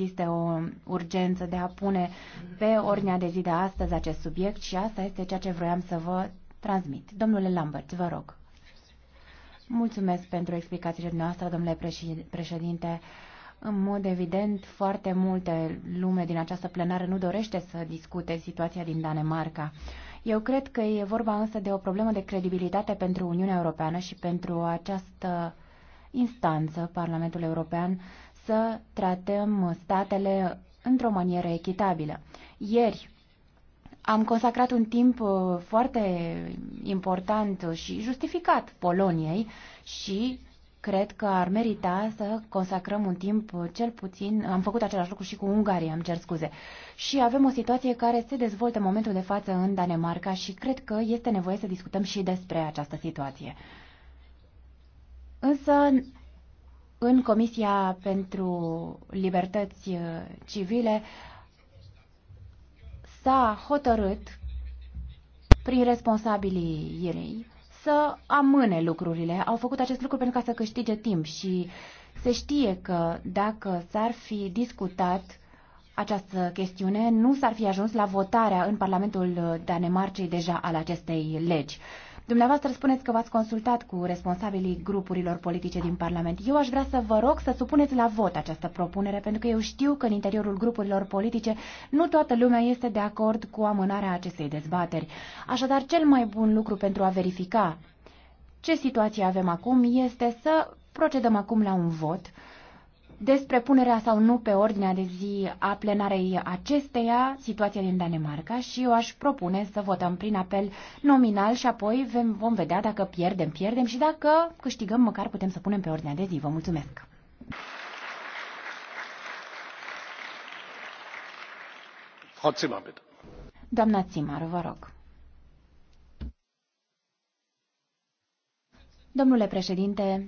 Există o urgență de a pune pe ordinea de zi de astăzi acest subiect și asta este ceea ce vroiam să vă transmit. Domnule Lambert, vă rog. Mulțumesc pentru explicațiile noastre, domnule președinte. În mod evident, foarte multe lume din această plenară nu dorește să discute situația din Danemarca. Eu cred că e vorba însă de o problemă de credibilitate pentru Uniunea Europeană și pentru această instanță, Parlamentul European, să tratăm statele într-o manieră echitabilă. Ieri am consacrat un timp uh, foarte important și justificat Poloniei și cred că ar merita să consacrăm un timp cel puțin, am făcut același lucru și cu Ungaria, îmi cer scuze, și avem o situație care se dezvoltă în momentul de față în Danemarca și cred că este nevoie să discutăm și despre această situație. Însă în Comisia pentru Libertăți uh, Civile s-a hotărât prin responsabilii ei să amâne lucrurile. Au făcut acest lucru pentru ca să câștige timp și se știe că dacă s-ar fi discutat această chestiune, nu s-ar fi ajuns la votarea în Parlamentul Danemarcei deja al acestei legi. Dumneavoastră spuneți că v-ați consultat cu responsabilii grupurilor politice din Parlament. Eu aș vrea să vă rog să supuneți la vot această propunere, pentru că eu știu că în interiorul grupurilor politice nu toată lumea este de acord cu amânarea acestei dezbateri. Așadar, cel mai bun lucru pentru a verifica ce situație avem acum este să procedăm acum la un vot despre punerea sau nu pe ordinea de zi a plenarei acesteia, situația din Danemarca și eu aș propune să votăm prin apel nominal și apoi vom vedea dacă pierdem, pierdem și dacă câștigăm, măcar putem să punem pe ordinea de zi. Vă mulțumesc! Doamna Țimar, vă rog. Domnule președinte,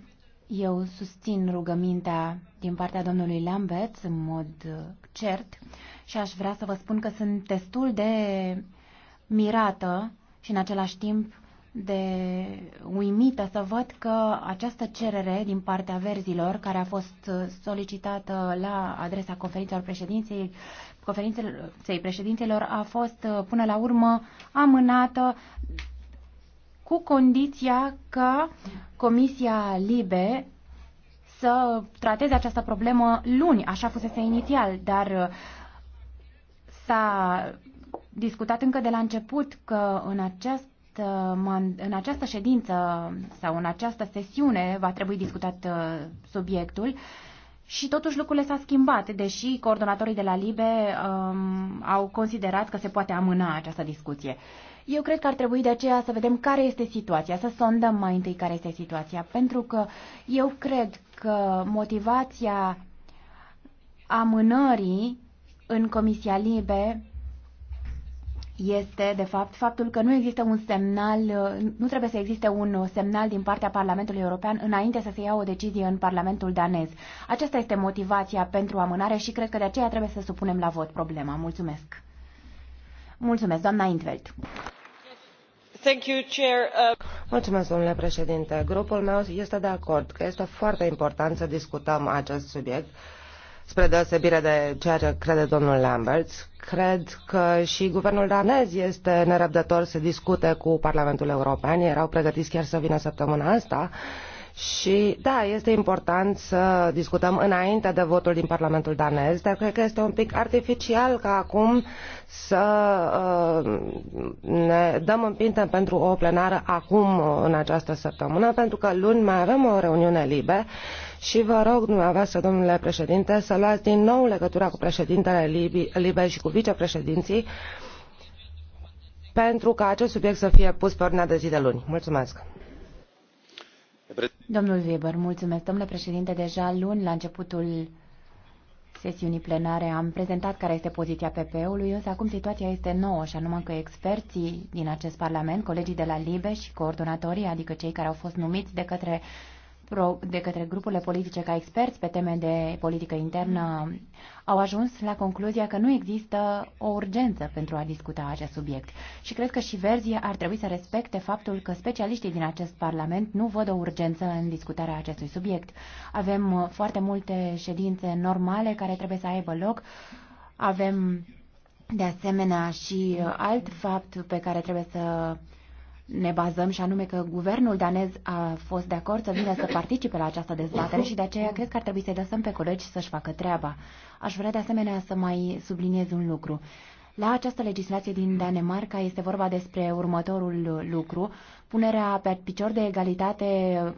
eu susțin rugămintea din partea domnului Lambert în mod uh, cert și aș vrea să vă spun că sunt destul de mirată și în același timp de uimită să văd că această cerere din partea verzilor, care a fost uh, solicitată la adresa conferințelor președinței, conferinței președinților, a fost uh, până la urmă amânată cu condiția că Comisia Libe să trateze această problemă luni, așa fusese inițial, dar uh, s-a discutat încă de la început că în această în această ședință sau în această sesiune va trebui discutat uh, subiectul și totuși lucrurile s-au schimbat, deși coordonatorii de la LIBE um, au considerat că se poate amâna această discuție. Uh, eu cred că ar trebui de aceea să vedem care este situația, să sondăm mai întâi care este situația, pentru că eu cred că motivația amânării în Comisia Libe este, de fapt, faptul că nu există un semnal, nu trebuie să existe un semnal din partea Parlamentului European înainte să se ia o decizie în Parlamentul danez. Aceasta este motivația pentru amânare și cred că de aceea trebuie să supunem la vot problema. Mulțumesc! Mulțumesc, doamna Intveld. Mulțumesc, domnule președinte grupul meu este de acord că este foarte important să discutăm acest subiect spre deosebire de ceea ce crede domnul lamberts cred că și guvernul danez este nerăbdător să discute cu parlamentul european erau pregătiți chiar să vină săptămâna asta și și da, este important să discutăm înainte de votul din Parlamentul danez, dar cred că este un pic artificial ca acum să uh, ne dăm împinte pentru o plenară acum uh, în această săptămână, pentru că luni mai avem o reuniune libe și vă rog dumneavoastră, domnule președinte, să luați din nou legătura cu președintele Libii, Libe și cu vicepreședinții pentru ca acest subiect să fie pus pe ordinea de zi de luni. Mulțumesc! Domnul Weber, mulțumesc. Domnule președinte, deja luni, la începutul sesiunii plenare, am prezentat care este poziția PP-ului, însă acum situația este nouă, și anume că experții din acest Parlament, colegii de la LIBE și coordonatorii, adică cei care au fost numiți de către de către grupurile politice ca experți pe teme de politică internă au ajuns la concluzia că nu există o urgență pentru a discuta acest subiect. Și cred că și verzii ar trebui să respecte faptul că specialiștii din acest Parlament nu văd o urgență în discutarea acestui subiect. Avem uh, foarte multe ședințe normale care trebuie să aibă loc. Avem de asemenea și uh, alt fapt pe care trebuie să ne bazăm și anume că guvernul danez a fost de acord să vină să participe la această dezbatere și de aceea cred că ar trebui să-i lăsăm pe colegi să-și facă treaba. Aș vrea de asemenea să mai subliniez un lucru. La această legislație din Danemarca este vorba despre următorul lucru, punerea pe picior de egalitate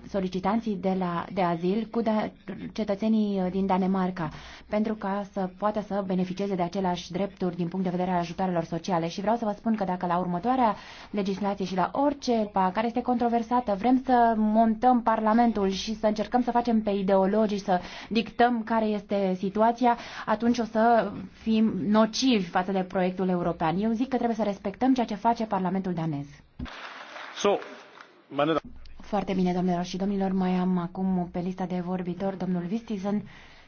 solicitanții de, la, de azil cu da, cetățenii din Danemarca, pentru ca să poată să beneficieze de aceleași drepturi din punct de vedere al ajutoarelor sociale. Și vreau să vă spun că dacă la următoarea legislație și la orice pa care este controversată vrem să montăm Parlamentul și să încercăm să facem pe ideologii, să dictăm care este situația, atunci o să fim nocivi față de proiectul proiectul european. Eu zic că trebuie să respectăm ceea ce face Parlamentul danez. So, Foarte bine, domnilor și domnilor, mai am acum pe lista de vorbitori domnul Vistizen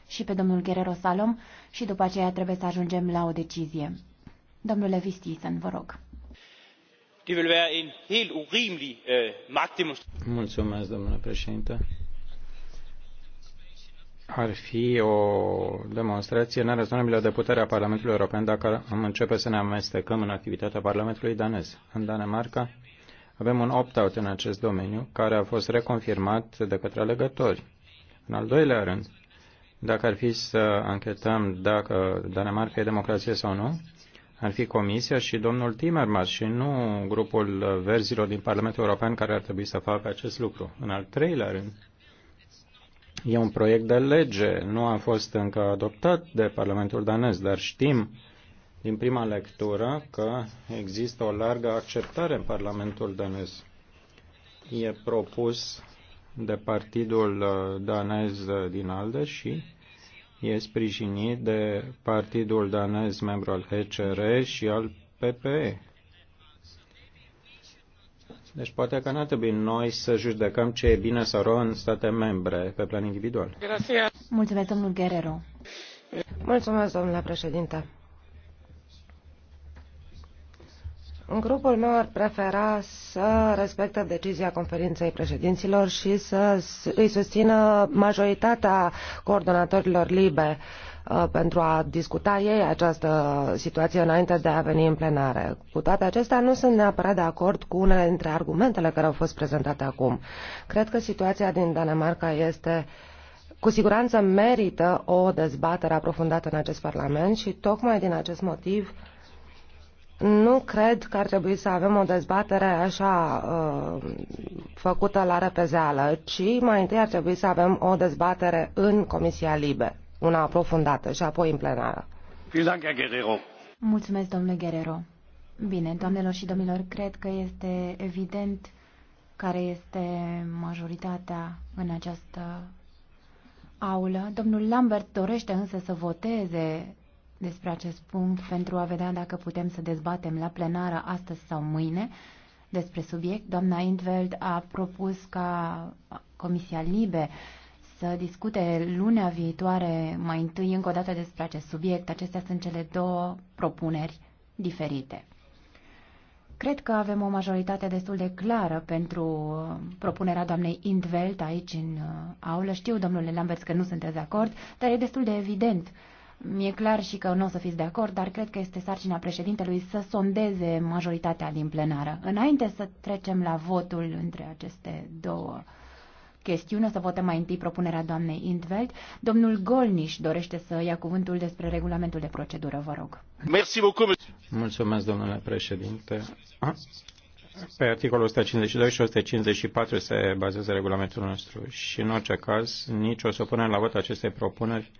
și pe domnul Guerrero Salom și după aceea trebuie să ajungem la o decizie. Domnule Vistizen, vă rog. Øh, Mulțumesc, domnule președinte ar fi o demonstrație nerezonabilă de putere a Parlamentului European dacă am începe să ne amestecăm în activitatea Parlamentului danez. În Danemarca avem un opt-out în acest domeniu care a fost reconfirmat de către alegători. În al doilea rând, dacă ar fi să anchetăm dacă Danemarca e democrație sau nu, ar fi Comisia și domnul Timmermans și nu grupul verzilor din Parlamentul European care ar trebui să facă acest lucru. În al treilea rând, E un proiect de lege, nu a fost încă adoptat de Parlamentul danez, dar știm din prima lectură că există o largă acceptare în Parlamentul danez. E propus de partidul uh, danez uh, din ALDE și e sprijinit de partidul danez membru al HCR și al PPE. Deci poate că n-ar trebui noi să judecăm ce e bine sau rău în state membre pe plan individual. Mulțumesc, domnul Guerrero. Mulțumesc, domnule președinte. În grupul meu ar prefera să respecte decizia conferinței președinților și să îi susțină majoritatea coordonatorilor libe Uh, pentru a discuta ei această situație înainte de a veni în plenare. Cu toate acestea, nu sunt neapărat de acord cu unele dintre argumentele care au fost prezentate acum. Cred că situația din Danemarca este cu siguranță merită o dezbatere aprofundată în acest Parlament și tocmai din acest motiv nu cred că ar trebui să avem o dezbatere așa uh, făcută la repezeală, ci mai întâi ar trebui să avem o dezbatere în Comisia Libe una aprofundată și apoi în plenară. Mulțumesc, domnule Guerrero. Bine, doamnelor și domnilor, cred că este evident care este majoritatea în această aulă. Domnul Lambert dorește însă să voteze despre acest punct pentru a vedea dacă putem să dezbatem la plenară astăzi sau mâine despre subiect. Doamna Intveld a propus ca Comisia Libe să discute lunea viitoare mai întâi încă o dată despre acest subiect. Acestea sunt cele două propuneri diferite. Cred că avem o majoritate destul de clară pentru propunerea doamnei Indvelt aici în uh, aulă. Știu, domnule Lambert, că nu sunteți de acord, dar e destul de evident. Mi-e clar și că nu o să fiți de acord, dar cred că este sarcina președintelui să sondeze majoritatea din plenară. Înainte să trecem la votul între aceste două uh, chestiune. O să votăm mai întâi propunerea doamnei Intveld. Domnul Golniș dorește să ia cuvântul despre regulamentul de procedură. Vă rog. Merci beaucoup, Mulțumesc, domnule președinte. Pe articolul 152 și 154 se bazează regulamentul nostru și în orice caz nici o supunere la vot acestei propuneri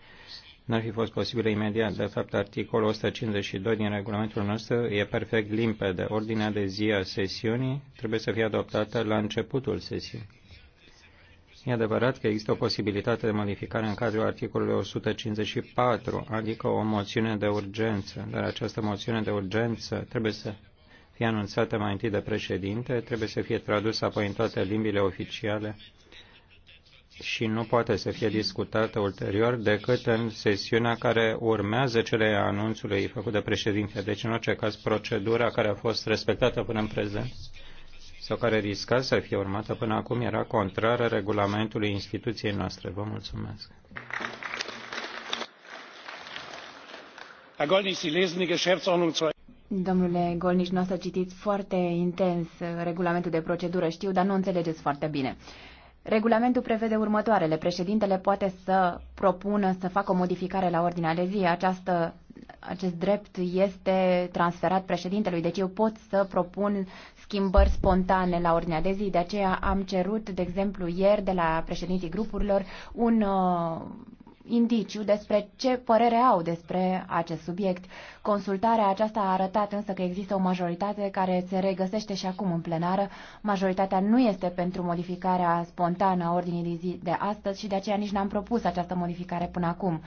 n-ar fi fost posibilă imediat. De fapt, articolul 152 din regulamentul nostru e perfect limpede. Ordinea de zi a sesiunii trebuie să fie adoptată la începutul sesiunii. E adevărat că există o posibilitate de modificare în cadrul articolului 154, adică o moțiune de urgență, dar această moțiune de urgență trebuie să fie anunțată mai întâi de președinte, trebuie să fie tradusă apoi în toate limbile oficiale și nu poate să fie discutată ulterior decât în sesiunea care urmează cele anunțului făcut de președinte. Deci, în orice caz, procedura care a fost respectată până în prezent sau care risca să fie urmată până acum era contrară regulamentului instituției noastre. Vă mulțumesc. Domnule nu să citiți foarte intens regulamentul de procedură, știu, dar nu înțelegeți foarte bine. Regulamentul prevede următoarele. Președintele poate să propună să facă o modificare la ordinea de zi. Această acest drept este transferat președintelui, deci eu pot să propun schimbări spontane la ordinea de zi. De aceea am cerut, de exemplu, ieri de la președinții grupurilor un uh, indiciu despre ce părere au despre acest subiect. Consultarea aceasta a arătat însă că există o majoritate care se regăsește și acum în plenară. Majoritatea nu este pentru modificarea spontană a ordinii de zi de astăzi și de aceea nici n-am propus această modificare până acum.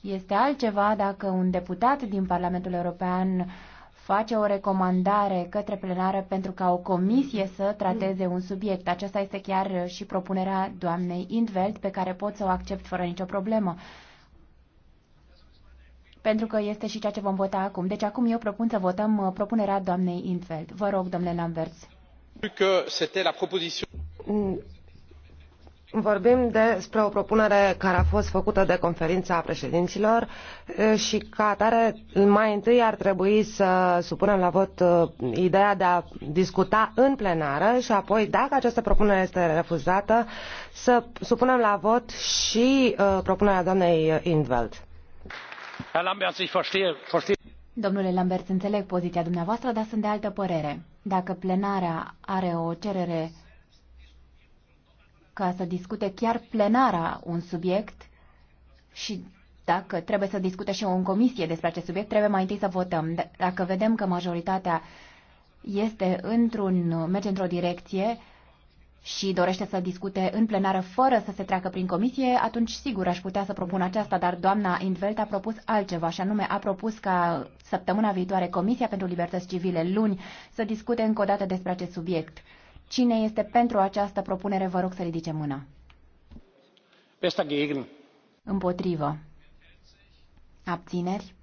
Este altceva dacă un deputat din Parlamentul European face o recomandare către plenară pentru ca o comisie să trateze un subiect. Aceasta este chiar și propunerea doamnei Indveld, pe care pot să o accept fără nicio problemă. Pentru că este și ceea ce vom vota acum. Deci acum eu propun să votăm uh, propunerea doamnei Indveld. Vă rog, domnule Lamberts. Vorbim despre o propunere care a fost făcută de conferința președinților și ca atare mai întâi ar trebui să supunem la vot ideea de a discuta în plenară și apoi, dacă această propunere este refuzată, să supunem la vot și propunerea doamnei Indveld. Domnule Lambert, înțeleg poziția dumneavoastră, dar sunt de altă părere. Dacă plenarea are o cerere ca să discute chiar plenara un subiect și dacă trebuie să discute și o comisie despre acest subiect, trebuie mai întâi să votăm. Dacă vedem că majoritatea este într-un, merge într-o direcție și dorește să discute în plenară fără să se treacă prin comisie, atunci sigur aș putea să propun aceasta, dar doamna Indvelt a propus altceva și anume a propus ca săptămâna viitoare Comisia pentru Libertăți Civile luni să discute încă o dată despre acest subiect. Cine este pentru această propunere, vă rog să ridice mâna. Împotrivă. Abțineri?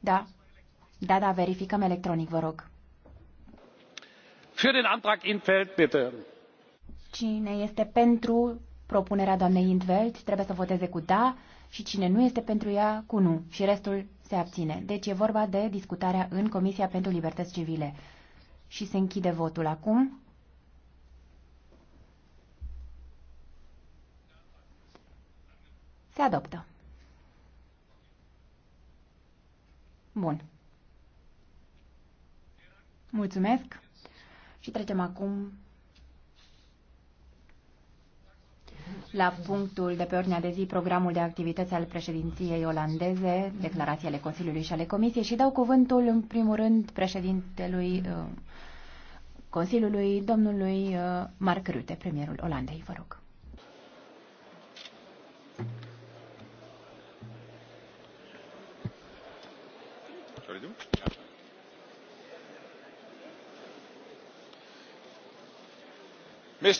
Da. Da, da, verificăm electronic, vă rog. Cine este pentru propunerea doamnei Intveld trebuie să voteze cu da și cine nu este pentru ea cu nu și restul se abține. Deci e vorba de discutarea în Comisia pentru Libertăți Civile și se închide votul acum. Se adoptă. Bun. Mulțumesc și trecem acum la punctul de pe ordinea de zi programul de activități al președinției olandeze, declarațiile Consiliului și ale Comisiei și dau cuvântul în primul rând președintelui uh, Consiliului, domnului uh, Mark Rutte, premierul Olandei. Vă rog. you.